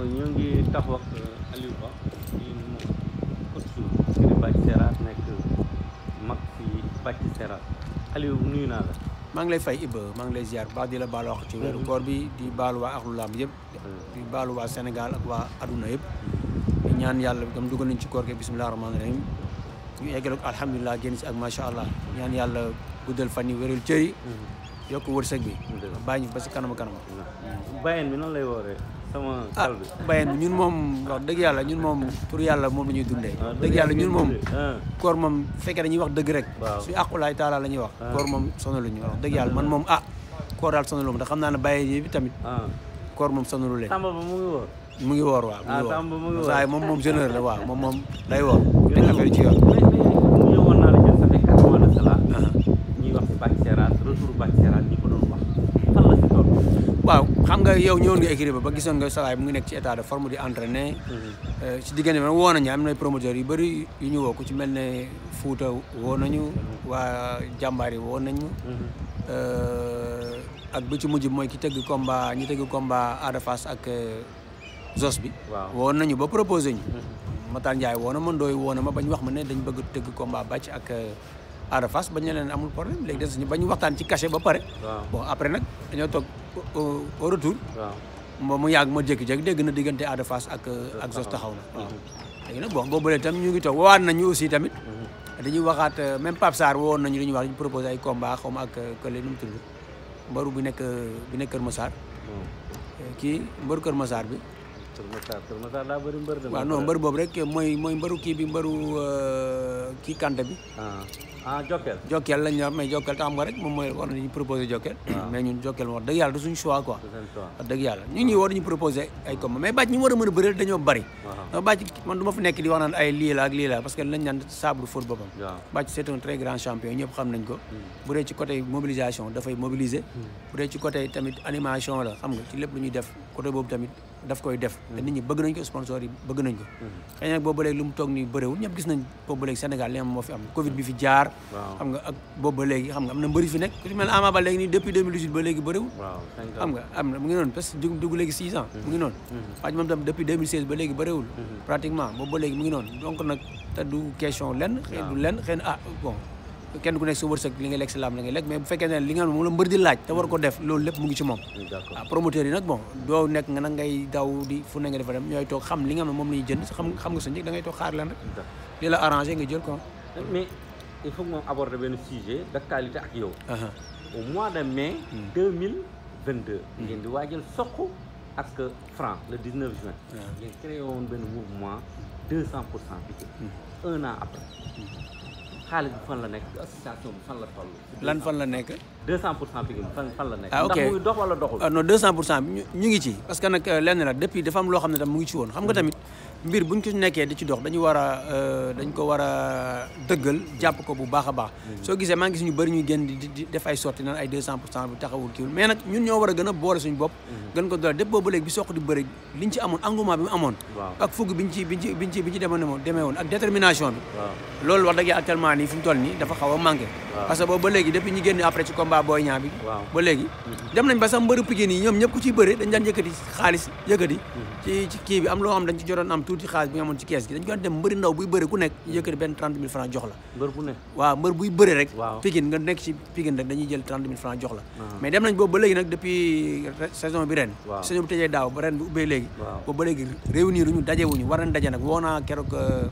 ñoo ngi taxaw ak Ba di mu coach écurie Bathie Seras nekk mag naa maa ngi lay fay Iba maa ngi lay ziar baax di la baalu wax ci weeru mm-hmm. koor bi di baalu waa axlu laam yëpp mm-hmm. di baalu waa Sénégal ak waa àdduna yëpp ñaan yàlla comme dugal nañ ci koor gi bisimilah rahmaani rahim ñu eggale ko alhamdulilah génn si ak macha allah ñaan yàlla guddal fan yi wéral cër yi mm-hmm. yokk wërsëg bi bàyyi ñu ba si kanam kanam bàyyeen bi nan lay wooree sama xel ah, bi ñun moom wax dëgg yàlla ñun moom pour yàlla moom la ñuy dundee ah, dëgg yàlla ñun moom koor moom fekkee dañuy wax dëgg rek suñu aqulaay taala la ñuy wax ah. koor moom sonalu ñu wax dëgg yàlla man moom ah koor daal sonalu ma ndax xam naa ne Bayern yi bi tamit koor moom sonalu leen Tamba mu ngi woor mu ngi woor waaw mu ngi woor moom moom jeuneur la waaw moom moom day woor teg affaire ci xam nga yow ñëwoon nga écrit ba ba gisoon nga salaay mu ngi nekk ci état de forme di entraîner mhm. euh, ci diggante bi woo nañu am na promoteurs yu bëri yu ñu woo ku ci mel ne Fouta woo nañu mhm. waa jàmbaar yi woo nañu mhm. euh, ak bi ci mujj mooy ki tëgg combat ñi tëgg combat Ada Fass ak euh, Zos bi woo nañu ba proposé ñu Matar Ndiaye woo na ma Ndoye woo na ma bañ wax ma ne dañ bëgg tëgg combat bàcc ak Ada Fass bañ ne leen amul problème léegi des ñu bañ waxtaan ci cachet ba pare bon après nag dañoo toog au retour. moom mu yàgg ma jékki-jékki dégg na diggante Ada Fass ak ak taxaw na waaw. léegi nag bon boobu tam ñu ngi toog wawaat nañu aussi tamit. Mm-hmm. dañuy waxaat euh, même Pape Sarr woon nañu li ñuy wax dañu proposé ay combat xaw ma ak euh, kële nu mu mbaru bu nekk euh, bu nekk Kër Massar. Mm. kii mbaru Kër Massar bi. Kër Massar Kër Massar daa bëri mbër. waaw non mbër boobu rek mooy mooy mbaru kii bi mbaru kii Kanté bi. Ah. ah Jokal Jokal lañ ñor mais Jokal te xam moom mooy war nañu proposé Jokal ah. mais ñun Jokal wax dëgg yàlla du suñu choix quoi wax dëgg yàlla ñu ngi war nañu proposé ay combat ñu war a mën a bëreel dañoo bari donc ah. bàcc man du ma fi nekk di wax naan ay lii la ak lii la parce que lañ naan sabre fóot boppam bàcc c'est un très grand champion ñëpp xam nañ ko hmm. bu dee ci côté mobilisation dafay mobiliser hmm. bu dee ci côté tamit animation la xam nga ci lépp lu ñuy def côté boobu tamit daf koy def te nit ñi bëgg nañ ko sponsor yi bëgg nañ ko mm-hmm. xëy na nag booba léegi lu mu toog nii bëréwul ñëpp gis nañ booba léegi Sénégal li am moo fi am Covid bi fi jaar xam na mbëri fi nekk ku ci mel ne Ama Baldé léegi nii depuis 2018 ba léegi bëréwul xam nga am na mu ngi noonu parce que dugg dugg léegi six ans mu ngi noonu waaj mm-hmm. mm-hmm. moom tam depuis 2016 ba léegi bëréwul pratiquement booba léegi mu ngi noonu donc nag te du question lenn xëy lenn xëy na ah bon kenn ku nekk sa li ngay lekk si laam la lekk mais bu fekkee ne li nga moom la mbër di laaj te war ko def loolu lépp mu ngi ci moom ah, promoteur yi nag bon doo nekk nga ngay daw di fu ne nga dem ñooy toog xam li nga xam ne moom la ñuy jënd xam xam nga la arrangé nga jël ko benn sujet d'actualité ak yow au mois de mai 2022 hmm. hmm. ngeen di waajal soq ak franc le 19 juin ah. ngeen créé woon benn mouvement deux cent pour cent hmm. un an après xaalis fan la nekk association bi fan la toll. lan fan la nekk. 200 pour cent Pikine fan fan la nekk. Ah, dox wala doxul. Ah, non 200 pour cent ñu ngi ci parce que nag euh, lenn la depuis dafa am loo xam ne tam mu ngi ci woon xam nga mhm. tamit. mbir buñ ci nekkee di ci dox dañu war a euh, jàpp ko bu baax baax mm-hmm. soo gisee maa ngi ñu bëri ñuy génn di def ay naan ay bu taxawul kiiwul mais nag ñun ñoo war gën a boole suñu bopp mm-hmm. gën ci demee woon ak détermination bi loolu wax dëgg actuellement nii fi mu dafa xaw a manqué boobu ba léegi depuis ñu génn après ci combat Boy Niang bi ba léegi mm-hmm. dem nañ ba sax mbëru Pikine yi ñoom ñëpp ku ciy bëri dañ daan yëkkati xaalis yëkkati ci ci am loo tuuti xaalis bi nga amoon ci kees gi dañ doon dem mbëri ndaw buy bëri ku nekk ñu yëkkati benn trente mille franc jox la mbër bu ne waaw mbër buy bëri rek Pikine nga nekk ci Pikine rek dañuy jël trente mille franc jox la ah. mais dem nañ boobu ba léegi nag depuis saison bi ren saison bi tëjee daaw ba ren bi ubbee léegi boobu ba léegi réunir uñu dajewuñu war nañ daje nag woo naa keroog euh,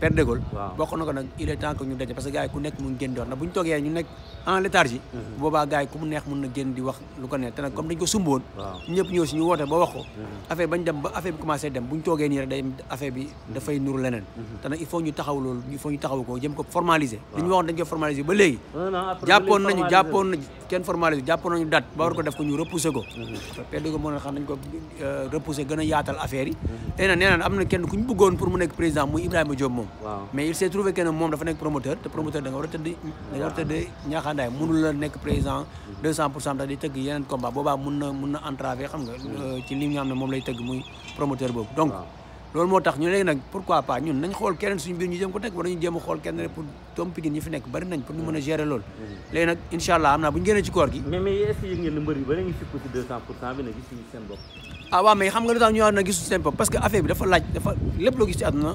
Père de Gaulle bokk ko nag il est temps que ñu daje parce que gars ku nekk mun génn di wax ndax bu ñu toogee ñu nekk en léthargie mhm. boobaa gars ku mu neex mun na génn di wax lu ko neex te nag ko sumboon ñu woote mhm. nii mhm. nag il ba war ko def ko ñu repousser ko Père de Gaulle moo ne xam nañ ko euh, repousser gën a yaatal affaire yi tey am na kenn ku ñu bëggoon pour mu nekk président muy Ibrahima Diop moom waaw mais il s'est trouvé que ne moom dafa nekk promoteur te promoteur da nga wara a da nga wara a tëdd mënul la nek président 200% da di teug yeneen combat boba mun na mun na entravé xam nga hmm. euh, ci li nga xam ne mom lay teug muy promoteur boobu donc loolu moo tax ñu léegi nag pourquoi pas ñun nañ xool keneen suñu biir ñu jëm ko teg wala ñu jëm a xool kenn pour doom Pikine ñi fi nekk bari nañ pour ñu mën a gérer loolu hmm. Hmm. léegi nag incha allah am naa bu ñu génnee ci koor gi mais mais est-ce que yëg ngeen mbër yi ba léegi fipp ci deux cent pour cent bi na gis suñu seen bopp ah waaw mais xam nga lu tax ñu war na gis suñu seen bopp parce que affaire bi dafa laaj dafa lépp loo gis ci àdduna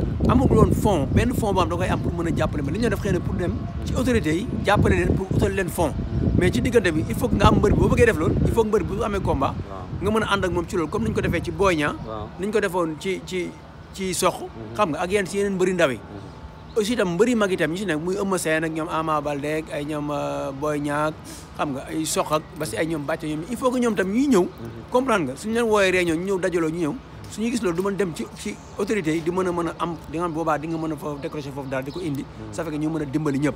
amagul woon fond benn fond boo xam da koy am pour mën a jàppale mais li ñu def xëy na pour dem ci autorités yi jàppale leen pour utal leen fond mais ci diggante a ànd ak moom ci loolu comme ni ñu ko defoon ci ci ci mhm. xam nga ak yenn yeneen mbëri ndaw yi mhm. aussi itam mbëri mag itam ñi si nekk muy Eumeu Sène ak ñoom Ama Baldé ak ay ñoom euh, Boy Niang xam ñoom bàcco ñoom il faut que ñoom tam ñuy ñëw mhm. comprendre nga suñu leen wooyee réunion ñu ñëw dajaloo ñu ñëw su ñuy gis loolu du dem ci ci autorités di mën a am di nga xam di nga mën fa décrocher foofu daal di ko indi ça fait que ñu mën dimbali ñëpp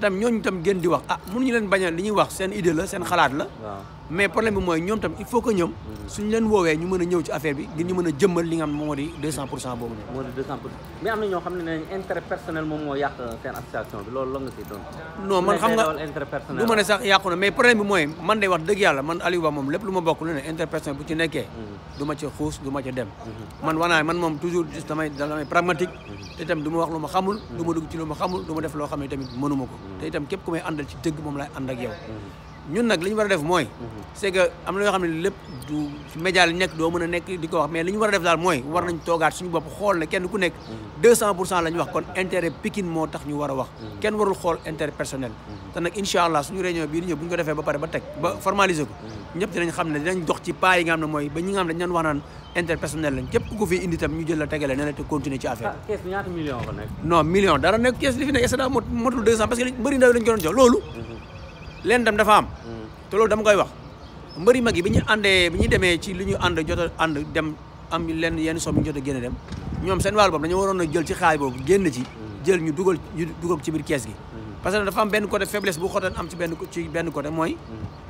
tam tam gën di wax ah leen bañal li ñuy wax seen idée la seen xalaat la ya. mais problème bi mooy ñoom tam il faut que ñoom suñu leen woowee ñu mën a ñëw ci affaire bi ngir ñu mën a jëmmal li nga xam moo di 200 pour cent boobu moo ne nañ intérêt personnel moom moo la nga si doon non man xam nga du ma ne sax yàqu na mais problème dëgg moom lépp lu ma ci nekkee mhm. ma wax lu xamul du ma mhm. xamul ma def loo xam ne tamit mënuma ko mhm. te itam képp ku may àndal ci dëgg moom laay ànd ak ñun nag li ñu war a def mooy. Mhm. c'est que am na yoo xam ne lépp du média li nekk doo mën a nekk di ko wax mais li war a def daal mooy war nañ toogaat suñu bopp xool ne kenn ku nekk. 200 mhm. pour cent la ñu a wax. Mhm. kenn warul xool intérêt personnel. te nag incha allah suñu réunion bii di ñëw bu ñu ko defee ba pare ba teg ba formaliser nga xam ko fi indi tam ñu jël la tegale ne te continuer ci affaire ah, kees bi ñaata million fa nekk. non million dara nekk kees li fi nekk est-ce que motul parce que mbëri ndaw lañ ko loolu lenn dem dafa am. Mm. te loolu koy wax mbëri mag yi bi ñu àndee bi ñu demee ci lu ñu ànd jot a ànd dem am lenn yenn somme jot a dem ñoom seen wàll boobu dañoo waroon a jël ci xaay boobu génn ci. Mm. jël ñu dugal ñu ci biir kees gi. Mm. parce que dafa am benn côté faiblesse bu xotoon am ci benn ci benn côté mooy.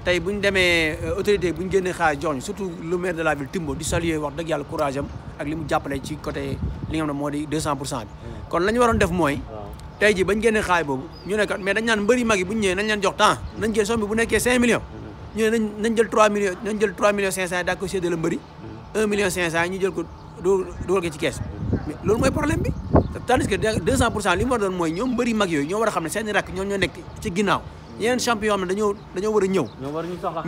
tey bu ñu demee euh, autorité bu ñu génnee xaay jox ñu surtout le maire de la ville Timbo di saluer wax dëgg yàlla courage am ak li mu jàppale ci côté li nga moo di 200 pour cent bi. kon la ñu waroon def mooy. tey ji bañ génnee xaay boobu ñu ne kat mais dañ naan mbëri mag yi bu ñu ñëwee nañ leen jox temps nañ jël somme bi bu nekkee 5 millions ñu ne nañ nañ jël 3 millions nañ jël 3 millions 500 daa ko séddale mbëri 1 million 500 ñu jël ko dugal ko ci kees mais loolu mooy problème bi tandis que 200 pour cent li mu war a doon mooy ñoom mbëri mag yooyu ñoo war a xam ne seeni rakk ñoom ñoo nekk ci ginnaaw yeneen champion yoo xam ne dañoo dañoo war a ñëw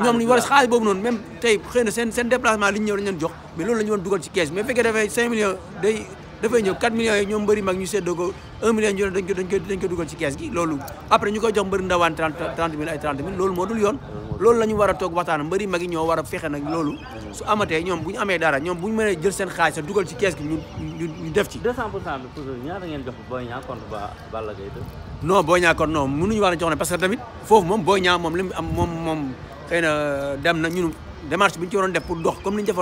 ñoom liñ war a xaalis boobu noonu même tey xëy na seen seen déplacement li ñu ñëw dañ leen jox mais loolu la ñu woon dugal ci kees mais fekkee dafay 5 millions day dafay ñëw 4 millions yi ñoom mbëri mag ñu seddoo ko 1 million ñu dañ ko dañ ko dañ ko dugal ci kees gi loolu après ñu koy jox mbëri ndawaan 30 30 mille ay 30 mille loolu moo dul yoon loolu la ñu war a toog waxtaan mbëri mag yi ñoo war a fexe nag loolu su amatee ñoom bu ñu amee dara ñoom bu ñu mënee jël seen xaalis sa dugal ci kees gi ñu ñu def ci 200% bi pour ñaata ngeen jox Boy Niang contre ba Balla Gaye 2 non Boy Niang contre non mënuñu war jox ne parce que tamit foofu moom Boy Niang moom li am moom moom xëy dem na ñun démarche bi ci waroon def pour dox comme li ñu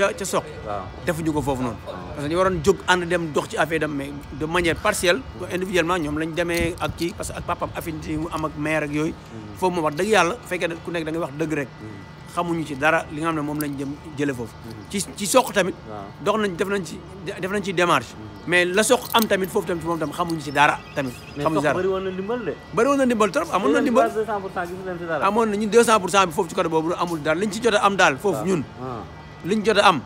ca ca soq defuñu ko foofu noonu parce que ñu waroon jóg ànd dem dox ci affaire dem mais de manière partielle individuellement ñoom lañ demee ak kii parce que ak affinité mu am ak maire ak yooyu mm. foofu moom wax dëgg yàlla fekkee ku nekk da ngay wax rek mm. xamuñu ci dara li nga lañ mm. ci ci tamit dox nañ def nañ ci def nañ ci démarche mais la am tamit foofu tamit moom tam xamuñu ci dara tamit xamuñu dara bëri woon na ndimbal de bëri woon na ndimbal trop amoon na ndimbal amoon na ñun 200 pour cent bi foofu ci amul dara liñ ci am ñun ah. li ñu jot am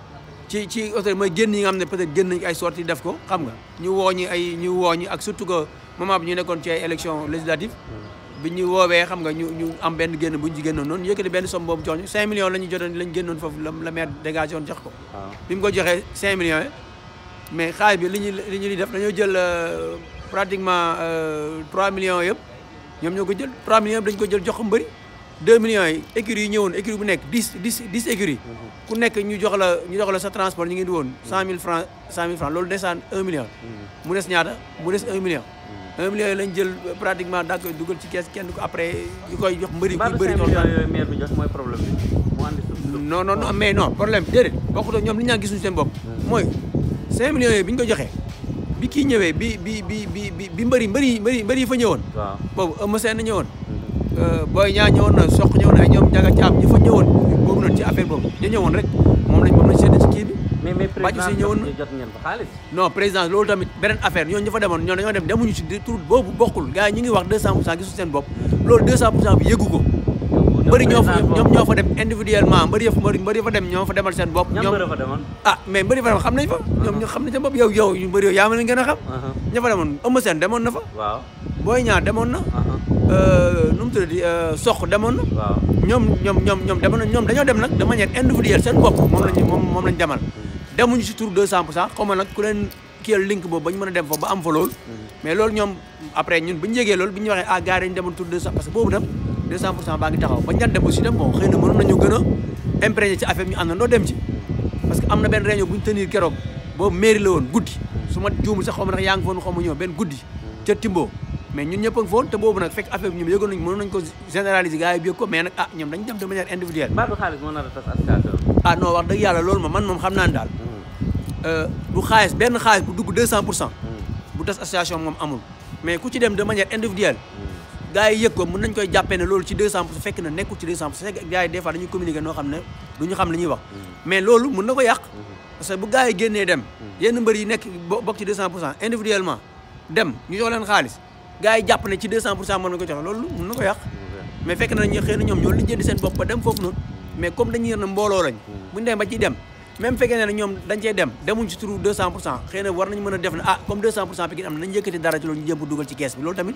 ci ci autorité mooy génn yi nga xam ne peut-être génn nañ ay sorties def ko xam nga ñu wooñi ay ñu wooñi ak surtout que moment bi ñu nekkoon ci ay élection législative bi ñu woowee xam nga ñu ñu am benn génn bu ñu ci génnoon noonu yëkkati benn somme boobu jox ñu 5 millions la ñu jotoon la ñu génnoon foofu la maire dégagé woon jox ko ah. bi mu ko joxee 5 millions mais xaalis bi li ñu li ñu li def dañoo jël euh, pratiquement 3 euh, millions yëpp ñoom ñoo ko jël 3 millions yëpp dañu ko jël jox ko 2 millions yi écurie yi ñëwoon écurie bu nekk 10 10 10 écurie ku nekk ñu jox la ñu jox la sa transport ñu ngi di woon 100000 francs 100000 francs loolu desaan 1 million mhm. mu des ñaata mu des 1 million 1 mhm. million yi lañ jël pratiquement daa koy dugal ci kees kenn ko après yu koy jox mbëri ku bëri yooyu maire bi jox mooy problème bi mu andi non non non mais non problème déedéet bokkutoo ñoom li ñaa gisuñu seen bopp mhm. mooy 5 millions yooyu bi ko joxee bi kii ñëwee bi bi bi bi bi mbëri mbëri mbëri mbëri yi fa ñëwoon boobu ëmb seen ñëwoon Euh, Boy Niang ñëwoon na soq ñëwoon na ay ñoom Ndiaga Thiam ñi fa ñëwoon boobu noonu ci affaire boobu ñu ñëwoon rek moom lañ moom lañ seetlu ci kii bi. mais mais président jot ngeen fa xaalis non président loolu tamit beneen affaire ñooñu ñu fa demoon ñoo dañoo dem demuñu ci tur boobu bokkul gars yi ñu ngi wax 200 pour cent gisu seen bopp loolu 200 pour cent bi yëgu ko. mbëri ñoo fa ñoom ñoo fa dem individuellement mbëri yëf mbëri fa dem ñoo fa demal seen bopp ñoom ah mais mbëri fa dem xam nañ fa uh-huh. ñoom ñoo xam nañ seen bopp yow yow mbëri yow yaa ma leen gën a xam uh-huh. ña fa demoon Eumeu Sène demoon na fa waaw Boy Niang demoon na uh-huh. Euh, nu mu tuddati euh, soq demoon na. ñoom ñoom ñoom ñoom demoon na ñoom dañoo dem nag de manière individuelle seen bopp moom lañ moom moom lañ demal. demuñu si tour 200 pour cent xaw ma nag ku leen kiyal link boobu ba ñu mën a dem fa ba am fa loolu. Mhm. mais loolu ñoom après ñun bu ñu yégee loolu bi ñu ah, ba ñu daan dem aussi na mënoon nañu a imprégné ci affaire bi ñu dem ci. parce que am na benn réunion bu ñu tenir keroog boobu mairie la woon guddi su ma juumul sax xaw ma ndax yaa ngi foon xaw ca Timbo mais ñun ñëpp a ngi foon te boobu nag fekk affaire bi ñoom yëgoon nañ mënoon nañ ko généraliser gars yi bi yëg ko mais nag ah de manière individuelle ah, man moom xam naa ne daal bu hmm. euh, xaalis benn xaalis bu dugg cent pour cent hmm. bu tas association moom amul mais ku ci dem de manière individuelle hmm. gars yi yëg ko mën nañ koy jàppee ne loolu ci deux cent pour cent fekk na nekkul ci deux cent pour cent fekk gars des fois dañuy communiquer noo xam ne du ñu xam li ñuy wax mais loolu na ko yàq parce que dem yenn mbër yi nekk bokk ci deux cent pour cent individuellement dem ñu leen xaalis gars jap jàpp ne ci 200 pour cent mën na ko jox loolu mën na ko yàq mais fekk na ñu xëy na ñoom ñoo lijjanti seen bopp ba dem foofu noonu mais comme dañuy yër na mbooloo lañ buñ dem ba ciy dem même fekkee ne ñoom dañ cey dem demuñ ci turu 200 pour war nañ def ah comme 200 pour am na nañ yëkkati dara ci loolu ñu jëm dugal ci kees bi loolu tamit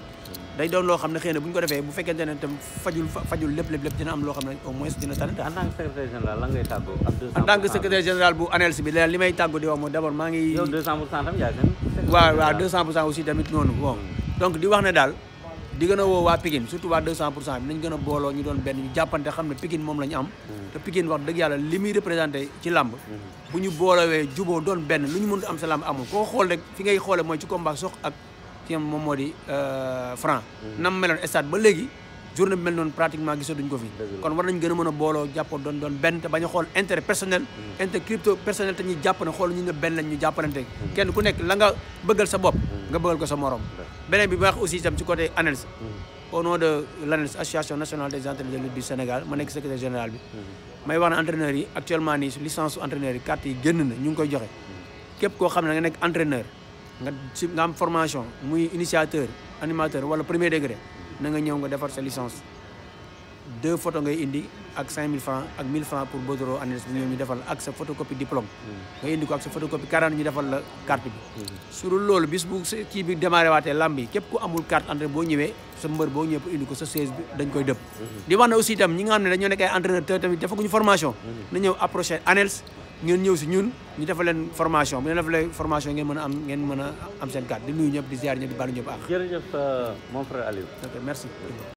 day doon loo xam ne xëy na bu ñu ko defee bu fekkente ne tam fajul fajul lépp lépp lépp dina am loo xam ne au moins dina tane en tant que secrétaire général la ngay tàggoo ak en tant que secrétaire général bu ANELS bi leneen li may tàggoo di wax mooy d' abord maa ngi yow 200 pour cent tam yaa gën waaw waaw 200 aussi tamit noonu bon donc di wax ne daal di gën a woo waa Pikine surtout waa 200 pour cent bi nañ gën a booloo ñu doon benn ñu jàppante xam ne Pikine moom la ñu am mm. te Pikine wax dëgg yàlla li muy représenté ci làmb mm. bu ñu boolowee juboo doon benn lu ñu mënut am sa làmb amul koo xool rek fi ngay xoole mooy ci combat sox ak ki moom moo di euh, franc mm. nam meloon stade ba léegi journée bi mel noonu pratiquement gisoo duñ ko fi kon war nañ gën a mën a booloo jàppoo doon doon benn te bañ a xool intérêt personnel mm. intérêt crypto personnel te ñuy jàpp ne xool ñu ne benn lañ ñu jàppalante mm. kenn ku nekk la nga bëggal sa bopp mm. nga bëggal ko sa morom beneen bi wax aussi itam ci côté ANELS au nom de l'ANELS association nationale des entraîneurs de lutte du Sénégal ma nekk secrétaire général bi may wax ne entraîneurs yi actuellement nii licence su entraîneurs yi carte yi génn na ñu ngi koy joxe képp koo xam ne nga nekk nga am formation muy initiateur animateur wala premier degré na nga ñëw nga defar sa licence deux photos ngay indi ak 5000 francs ak 1000 francs pour bordereau ANACIM bu ñëw ñu defal ak sa photocopie diplôme. Hmm. nga indi ko ak sa photocopie 40 ñu defal la carte bi. Hmm. su loolu bis bu kii bi démarré waatee lambi képp ku amul carte entraîneur boo ñëwee sa mbër boo ñëwee pour indi ko sa siège bi dañ koy dëpp. Hmm. di wax ne aussi itam ñi nga xam ne dañoo nekk ay entraîneur tamit defaguñu formation. na ñëw approché ANACIM. ngeen ñëw si ñun ñu defal leen formation bu ñu defalee formation ngeen mën a am ngeen mën a am seen carte di nuyu ñëpp di ziar ñëpp di baalu ñëpp ak. jërëjëf euh, mon frère Aliou. ok merci.